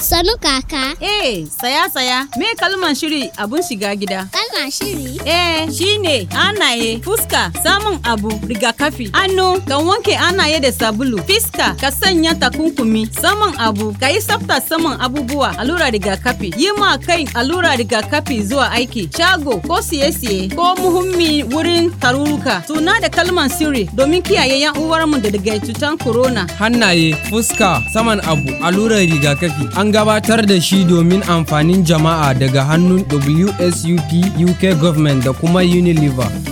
Sanu kaka. Eh, saya saya, me kalman shiri abun shiga gida. Fuska shiri. Eh, shine anaye, fuska, samun abu, rigakafi, hannu, ka wanke anaye da sabulu, fiska, ka sanya takunkumi, saman abu, ka yi tsafta saman abubuwa, allura rigakafi, yi ma kai allura rigakafi zuwa aiki, shago ko siye-siye ko muhimmi wurin taruruka. Tuna da kalman sirri domin kiyaye yan uwarmu da daga cutan corona. Hannaye, fuska, saman abu, allurar rigakafi an gabatar da shi domin amfanin jama'a daga hannun WSUP UK government da kuma Unilever.